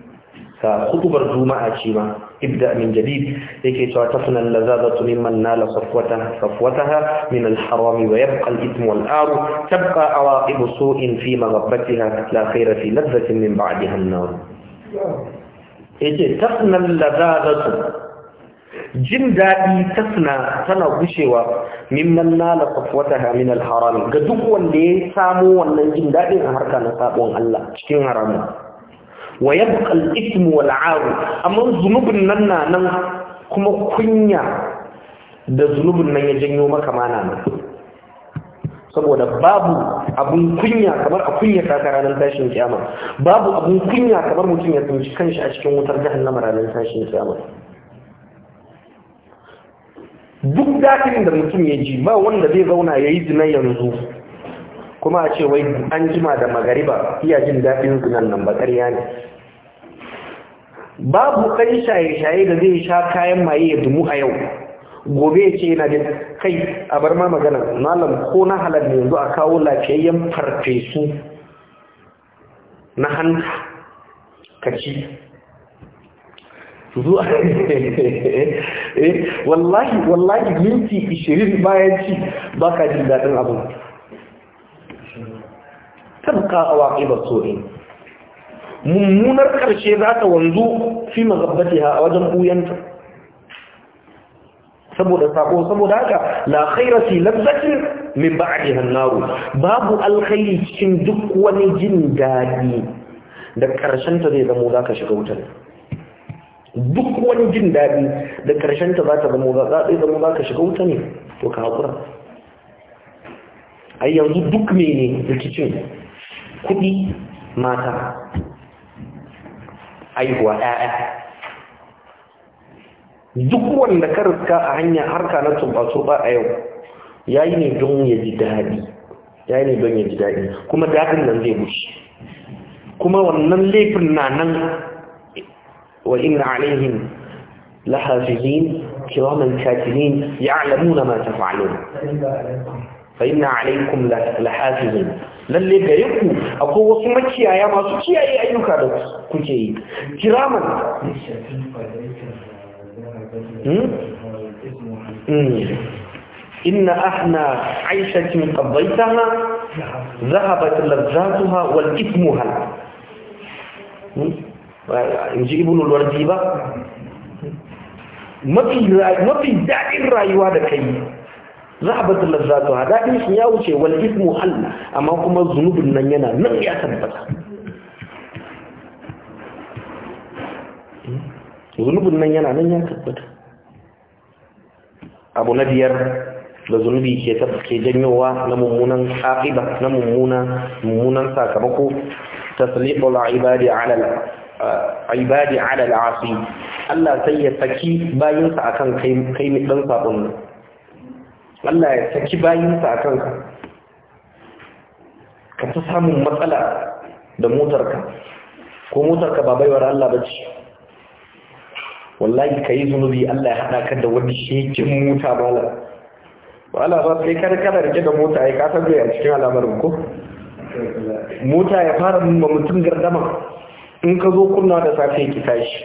sa juma'a ce ma ibda min jadid yake cewa tafna lazazatu mimman nala safwata safwataha min al-harami wa yabqa al-ithm wal ar tabqa awaqib su'in fi maghabbatiha la khayra fi ladhatin min ba'daha an-nar yace tafna lazazatu jin daɗi tasna tana gushewa mimman nala safwataha min al ga duk wanda ya samu wannan jin daɗin a harka na sabon Allah cikin haramun wa yabqa al-ithm wal 'ar amma zunubin nan nan kuma kunya da zunubin nan ya janyo maka mana nan saboda babu abun kunya kamar a kunya ta ranar tashin kiyama babu abun kunya kamar mutum ya tsinci kanshi a cikin wutar jahannama ranar tashin kiyama duk daɗin da mutum ya ji ba wanda zai zauna yayi zina yanzu kuma a ce wai an jima da magariba iya jin daɗin zunan nan bakariya ne babu kai shaye-shaye da zai sha kayan maye ya dumu a yau gobe ya ce yana da kai a bar ma magana malam ko na halar yanzu a kawo lafiyayyen farfesu na hanta kaci zuwa eh, wallahi wallahi minti 20 bayan ci ba ka jin daɗin abu تبقى أواقب السوء mummunar ƙarshe za ta wanzu fi mazabbatiha a wajen ɓuyanta saboda sako saboda haka la khaira fi lazzatin min ba'diha an-naru babu alkhairi cikin duk wani jin dadi da karshen ta zai zama zaka shiga wutar duk wani jin dadi da karshen ta zata zama za ta zama zaka shiga wuta ne to ka hakura ai yanzu duk mene rikicin kuɗi mata aihuwa ɗaya duk wanda ka riska a hanya harka na turba-turba a yau ya yi ne don ya ji daɗi ya yi ne don ya ji daɗi kuma daɗin nan zai bushe kuma wannan laifin na nan wa inna kiramin katilin ya alamu na mata taf'alun fa ina alaikum lahafizin lalle gare ku akwai wasu makiyaya masu kiyaye ayyuka da kuke yi kiraman hmm? hmm. inna ahna aishatin qabbaitaha zahabat lazzatuha wal ithmuha in ji ibn al ba hmm. mafi daɗin rayuwa da kai lalzatu a daɗin shi ya wuce wal ismu muhalli amma kuma zunubin nan yana nan ya tabbata zunubin nan yana nan ya tabbata abu na biyar da zunubi ke ke janyowa na mummunan aqiba na mummunan sakamako tasliqul ibadi ala ah, ibadi ala al-asi Allah sai ya saki bayinsa akan kai kai dan sabon Allah ya saki bayinsa a kanka ka ta samun matsala da motarka ko motarka ba baiwar Allah ba ce wallahi ka yi zunubi Allah ya haɗa kan da wani shekin mota ba wala ba sai kar kana rike da mota ya kasar zai a cikin al'amarin ko mota ya fara mutum gardama in ka zo kunna da safe ki tashi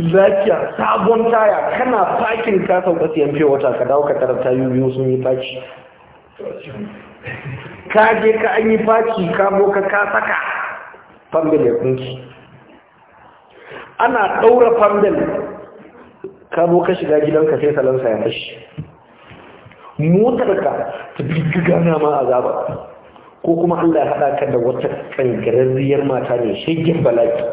lafiya sabon taya kana fakin ka sauka siyan fiye wata ka dawo ka tarar tayu biyu sun yi faci ka je ka an yi faci ka boka ka saka fambel ya kunki ana ɗaura fambel ka boka shiga ka sai salansa ya fashi motarka ta bigiga na ma zaba ko kuma Allah ya haɗa ka da wata kankararriyar mata ne shigin balaki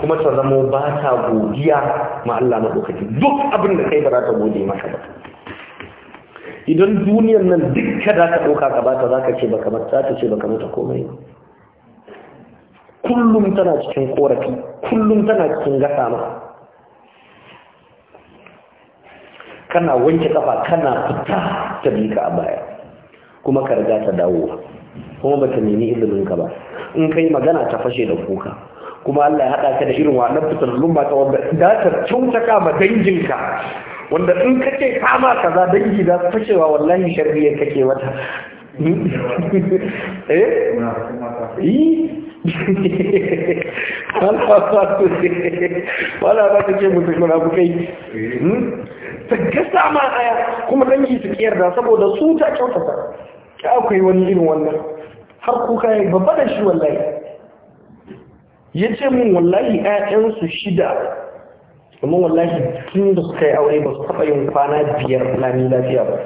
kuma ta zama ba ta godiya ma Allah madaukaki duk abin da kai ba za ta gode maka ba idan duniyar nan dukka za ka ɗauka ka bata za ka ce ba kamar ta ce ba kamar ta komai kullum tana cikin korafi kullum tana cikin gasa ma kana wanke kafa kana fita ta bi ka a baya kuma ka riga ta dawo kuma bata nemi ilimin ka ba in kai magana ta fashe da kuka kuma Allah ya haɗa ka da irin wannan fitallun ta wanda da ta ka ma danginka wanda in ka ce kama kaza dangi za su fashewa wallahi sharriyar kake wata eh wala ba ta ce musu kuna kai. Hmm? ta gasa ma aya kuma dangi su kiyar da saboda su ta kyautata ka akwai wani irin wannan har kuka yi babba da shi wallahi ya ce min wallahi 'ya'yansu shida amma wallahi tun da suka yi aure ba su taɓa yin kwana biyar lami lafiya ba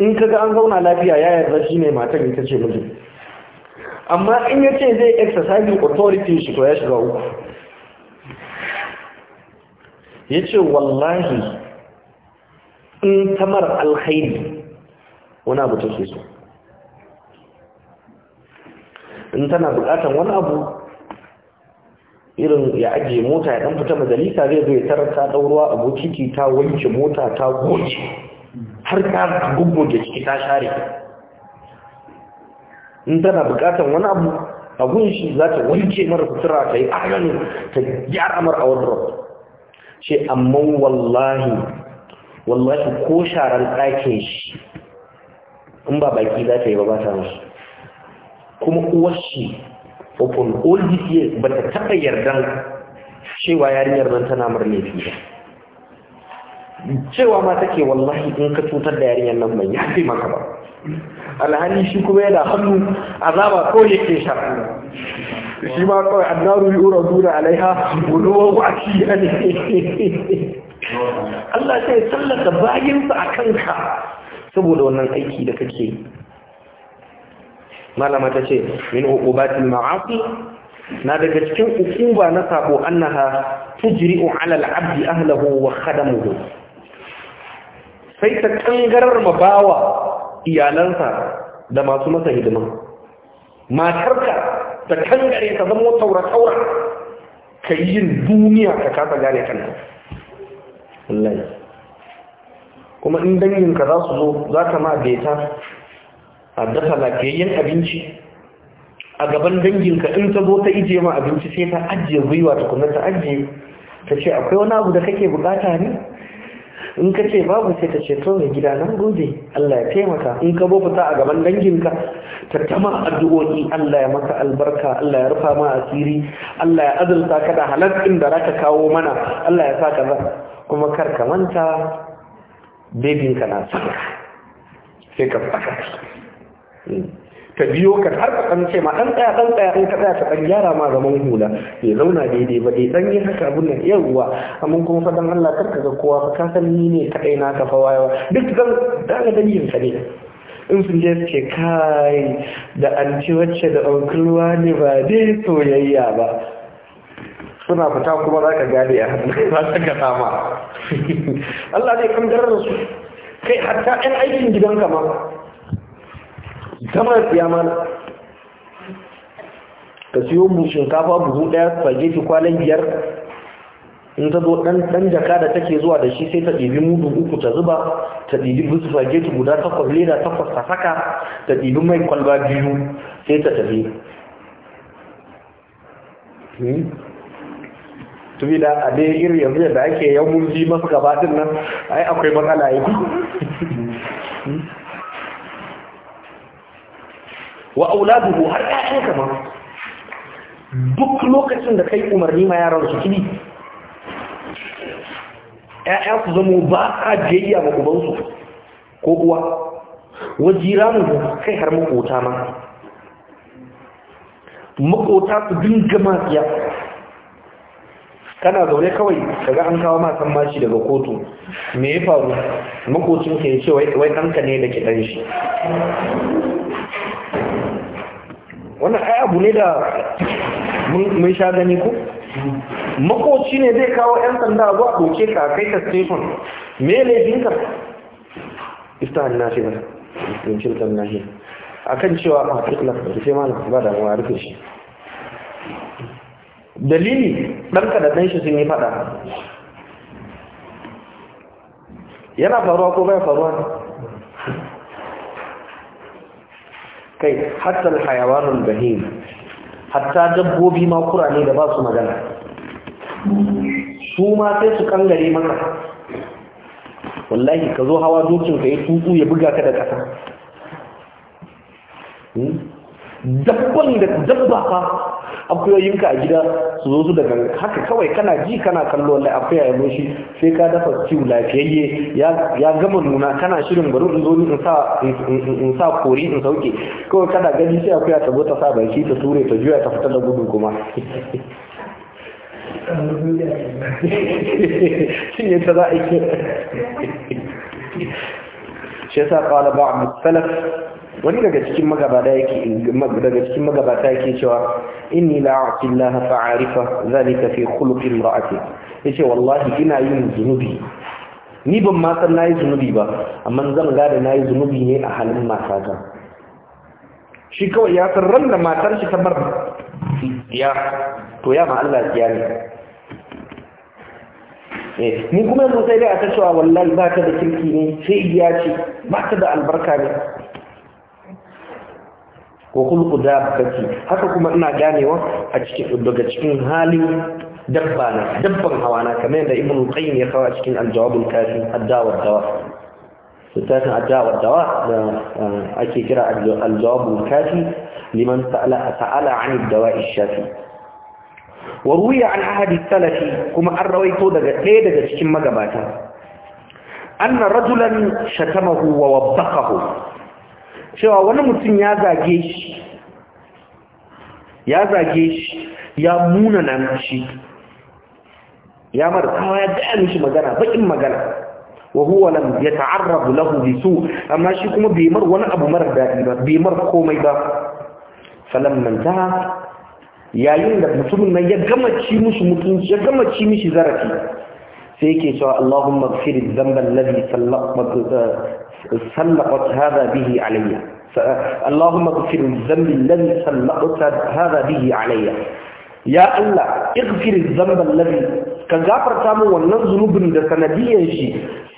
in ka ga an zauna lafiya ya yarda shi ne matan ita ce miji amma in ya ce zai exercise authority shi to ya shiga uku ya ce wallahi in tamar alkhairi wani abu take so in tana bukatan wani abu irin ya ajiye mota ya dan fita majalisa zai zo ya tarar ta ɗauruwa a bokiti ta wanke mota ta goce har ta gugguge ciki ta share in tana bukatar wani abu abun shi za ta wanke mara sutura ta yi aganin ta gyara mara a wadda ce amma wallahi wallahi ko sharan ɗakin shi in ba baki za ta yi ba ba ta masu kuma uwar shi ukun all these years ba ta taɓa yardan cewa yarinyar nan tana mar laifi ba cewa ma take wallahi in ka cutar da yarinyar nan ya yafe maka ba alhali shi kuma yana hannu azaba ko ke sha shi ma kawai annaru yi ura zura alaiha guduwa wa ciya ne Allah sai sallaka bayinsa a kanka saboda wannan aiki da kake malama ta ce min uqubatil ma'asi na daga cikin ukuba na sabo annaha tujri'u 'ala al-'abdi wa khadamuhu sai ta kangarar mabawa iyalansa da masu masa hidima matarka ta kangare ta zama taura-taura ka yi yin duniya ka kasa gane kanta wallahi kuma in danginka za su zo za ka ma beta a dafa lafiyayyen abinci a gaban danginka in ta zo ta ije ma abinci sai ta ajiye gwiwa kuma ta ajiye ta ce akwai wani abu da kake bukata ne in ka ce babu sai ta ce to gida nan gode Allah ya taimaka in ka bo fita a gaban danginka ta tama addu'o'i Allah ya maka albarka Allah ya rufa ma asiri Allah ya azurta ka da halaccin da zaka kawo mana Allah ya sa ka za kuma kar ka manta bebinka na sa sai ka faka ta biyo ka har ka san ce ma dan tsaya dan tsaya in ka tsaya ka dan gyara ma zaman hula ya zauna daidai ba dai dan yi haka abun nan yawwa amma kuma fa dan Allah karka ga kowa ka san ni ne kadai na ka fa wayawa duk zan daga dalilin ka ne in sun je ce kai da anci wacce da onkulwa ne ba dai soyayya ba suna fita kuma za ka gane a hannun za ka gata ma Allah zai kan garar su kai hatta 'yan aikin gidanka ma gama tsiya mana ka siyo mu shinkafa buhu ɗaya spaghetti kwanan biyar in ta zo ɗan jaka da take zuwa da shi sai ta ɗibi mudu uku ta zuba ta ɗibi busu spaghetti guda takwas leda takwas ta saka ta ɗibi mai kwalba biyu sai ta tafi hmm? tumi da a dai iri yanzu da ake yawon zi masu gabatin nan ai akwai matsala ya wa auladuhu har ka ma duk lokacin da kai umarni ma yaran su kidi ku su zamo ba a jayya ma ubansu ko uwa wajira mu kai har makota ma makota su dinga mafiya kana zaune kawai daga an kawo matan mashi daga kotu me ya faru makocinka ya ce wai ɗanka ne da ke ɗan shi wannan ai abu ne da mun sha gani ko makoci ne zai kawo 'yan sanda zuwa doke ka kai ka station me laifinka ifta na ce masa in cirkan nahi akan cewa ah, a fitla da ce malam ba da mu rufe shi dalili dan ka da shi sun yi faɗa yana faruwa ko bai faruwa kai hatta alhayawanul bahim hatta dabbobi ma kurane da ba su magana su ma sai su kangare maka wallahi ka zo hawa dokin ka yi tuku ya buga ka da ƙasa hmm? dabban da dabba ka akuyoyinka a gida su zo su daga haka kawai kana ji kana kallo lai akuya ya sai ka dafa stew lafiyayye ya gama nuna kana shirin bari in zo ni in sa kori in sauke kawai kana gani sai akuya ta zo ta sa baki ta ture ta juya ta fita da gudu kuma shin yadda za a yi shi yasa kawai salaf wani daga cikin magabata yake daga cikin magabata yake cewa inni la a'ti Allah fa'arifa zalika fi khuluqi imra'ati yace wallahi ina yin zunubi ni ban ma san nayi zunubi ba amma zan ga da nayi zunubi ne a halin matata shi kawai ya san ran da matar shi ta bar ya to ya ma Allah ya ne eh, ni kuma yanzu sai dai a ta cewa wallahi ba ta da kirki ne sai ya ce ba ta da albarka ne ko haka kuma ina ganewa a cikin daga cikin halin dabba na dabban hawa na kamar yadda ibnu qayyim ya kawo a cikin al-jawabul kafi ad-dawa dawa littafin ad-dawa dawa da eh, ake kira al-jawabul kafi liman sa'ala sa'ala 'an ad-dawa'i shafi وروي عن أحد daga كما أرويته ليدك شكما قباتا أن رجلا شتمه cewa wani mutum ya zage shi ya zage shi ya muna na shi ya martawa ya gaya mishi magana bakin magana wa huwa lam yata'arrabu lahu bisu amma shi kuma bai mar wani abu mara dadi ba bai mar komai ba man ta yayin da mutumin nan ya gama ci musu mutunci ya gama ci mishi zarafi sai yake cewa Allahumma ghfir dhanba alladhi sallaqta سلقت هذا به علي اللهم اغفر الذنب الذي سلقت هذا به علي ya Allah igfir zamban ladhi ka gafarta min wannan zunubin da sanadiyan shi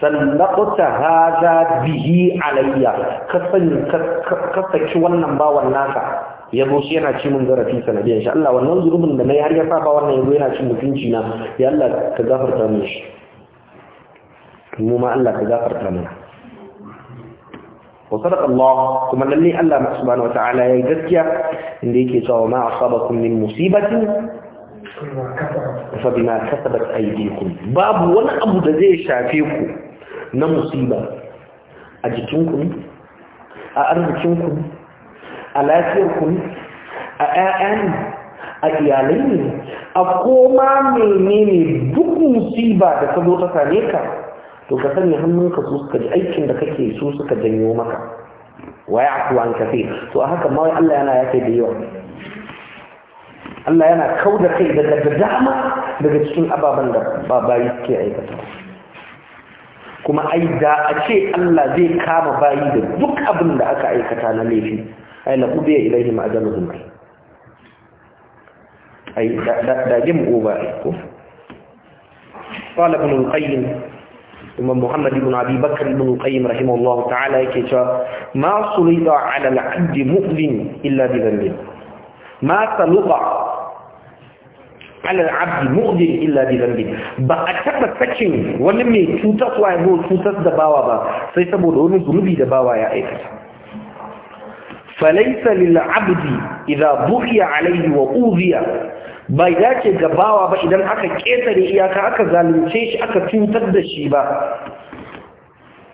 sallaqta hada bihi alayya ka sani ka saki wannan bawan naka ya zo shi yana ci min zarafi sanadiyan shi Allah wannan zunubin da nayi har ya sa ba wannan yazo yana cin mutunci na ya Allah ka gafarta mun. shi mu ma Allah ka gafarta mana wa sadaqa Allah kuma lalle Allah subhanahu wataala yayi gaskiya inda yake cewa ma asabakum min musibatin fa bima kasabat aydikum babu wani abu da zai shafe ku na musiba a jikinku a arzikinku a lafiyarku a ƴaƴan a iyalai ne a koma menene duk musiba da ta zo ta same ka to ka sani hannunka su suka ji aikin da kake su suka janyo maka wa ya afuwa an kafe to a haka mawai Allah yana yafe da yawa Allah yana kau da kai daga da dama daga cikin ababen da babayi suke aikata kuma ai da a ce Allah zai kama bayi da duk abin da aka aikata na laifi ai la kubiya ilaihi ma'ajaluhum ai ai da da game over ko qala ibn al-qayyim imam muhammad ibn abi bakr ibn qayyim rahimahullahu ta'ala yake cewa ma sulida ala al-abd mu'min illa bi dhanbi ma saluqa ala al-abd mu'min illa bi dhanbi ba a taba sakin wani mai cutarwa ya cutar da bawa ba sai saboda wani zunubi da bawa ya aikata فليس للعبد إذا بغي عليه وأوذي bai dace ga bawa ba idan aka ƙetare iyaka aka zalunce shi aka cutar da shi ba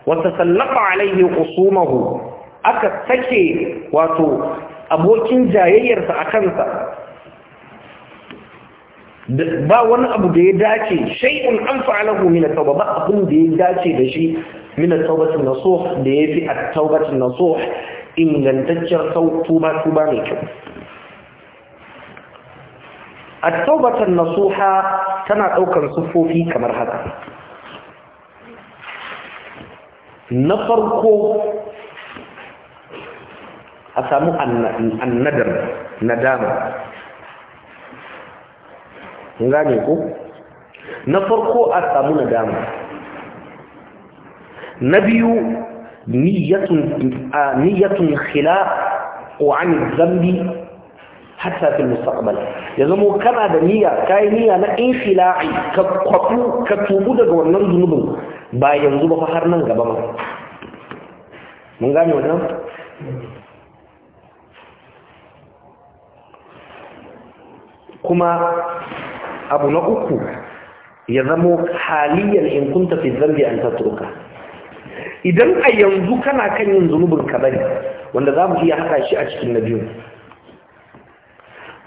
wata sallafa alaihi kusumahu aka sake wato abokin jayayyarsa a kansa ba wani abu da ya dace shay'un an fa'alahu min at-tauba ba abin da ya dace da shi min at-taubati nasuh da yafi at-taubati nasuh ingantacciyar tuba tuba mai kyau التوبة النصوحة تنا أوكا صفوفي كمر هذا نفركو أسامو الندم ندام نغانيكو نفركو أسامو ندام نبيو نية آه، نية خلاء عن الذنب حتى في المستقبل ya zamo kana da niyya kayi niyya na infila'i ka kwafu ka tubu daga wannan zunubin ba yanzu ba har nan gaba ba. mun gane wannan kuma abu na uku ya zamo haliyar in kunta fi zambi an tatruka idan a yanzu kana kan yin zunubin ka wanda za mu iya haka shi a cikin na biyu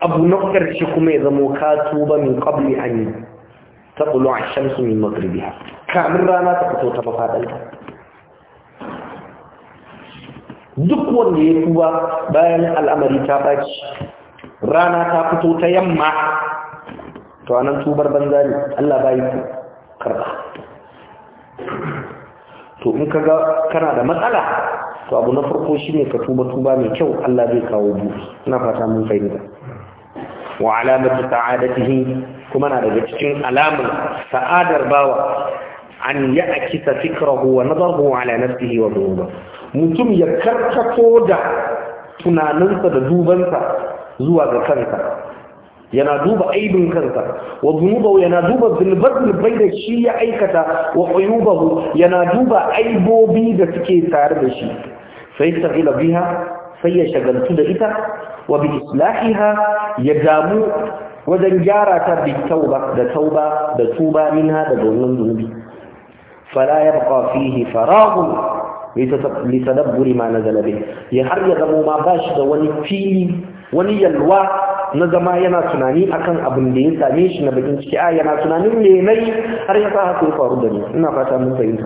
abu na ƙarshe kuma ya zamo ka tuba min qabli an taqulu a shamsu min ha kamin rana ta fito ta mafadarta duk wanda ya tuba bayan al'amari ta ɓaci rana ta fito ta yamma to nan tubar banza ne Allah bai karɓa. to in kaga kana da matsala to abu na farko shi ne ka tuba tuba mai kyau Allah zai kawo buɗi ina fata mun fahimta wa alamatu sa'adatihi kuma na daga cikin alamar sa'adar bawa an ya akisa fikrahu wa nazarhu ala nafsihi wa dhunubah mutum ya karkato da tunaninsa da dubansa zuwa ga kansa yana duba aibin kansa wa dhunubahu yana duba zulbar-zulbai da shi ya aikata wa uyubahu yana duba aibobi da suke tare da shi sai ta biha sai ya shagaltu da ita wa bi islahiha ya damu wajen gyara ta bi tauba da tauba da tuba minha da domin zunubi fala yabqa fihi faraghun litadabburi ma nazala bih ya har ya zamo ma ba shi da wani fili wani yalwa na zama yana tunani akan abin da ya same shi na bakin ciki a yana tunanin ne nai har ya sa ya faru da ni ina fata mun fahimta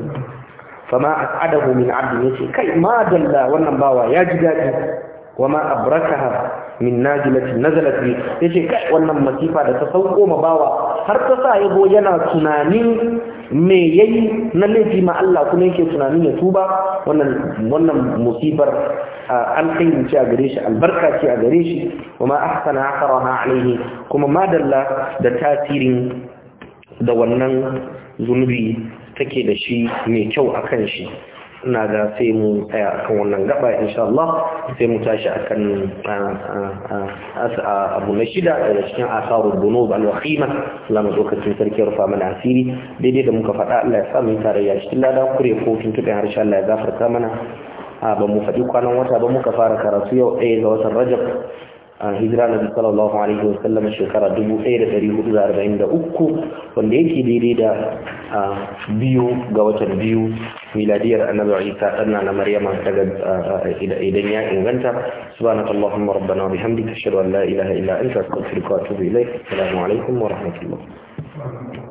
fama adahu min abdi ce kai ma dalla wannan bawa ya ji daɗi Wama ma abrakaha min najilatin nazalat bi yace kai wannan masifa da ta sauko ma bawa har ta sa yabo yana tunanin me yayi na laifi ma Allah kuma yake tunanin ya tuba wannan wannan musibar kai ce a gare shi albarka ce a gare shi kuma ahsana akharaha alaihi kuma madalla da tasirin da wannan zunubi take da shi mai kyau akan shi ina ga sai mu tsaya kan wannan gaba insha Allah sai mu tashi a akan abu na shida daga cikin asarul bunub al wahima Allah mu lokacin sarki rufa mana asiri daidai da muka faɗa Allah ya sa mu tarayya cikin lada kure ko tuntuɓe har insha Allah ya gafarta mana ba mu faɗi kwanan wata ba muka fara karatu yau ɗaya ga watan Rajab an hijira na sallallahu alaihi wa sallam shekara 1443 wanda yake daidai da biyu ga watan biyu miladiyar annabi Isa danna na Maryama daga idan ya inganta subhanaka allahumma rabbana wa bihamdika ashhadu an la ilaha illa anta astaghfiruka wa atubu ilaik assalamu alaikum wa rahmatullah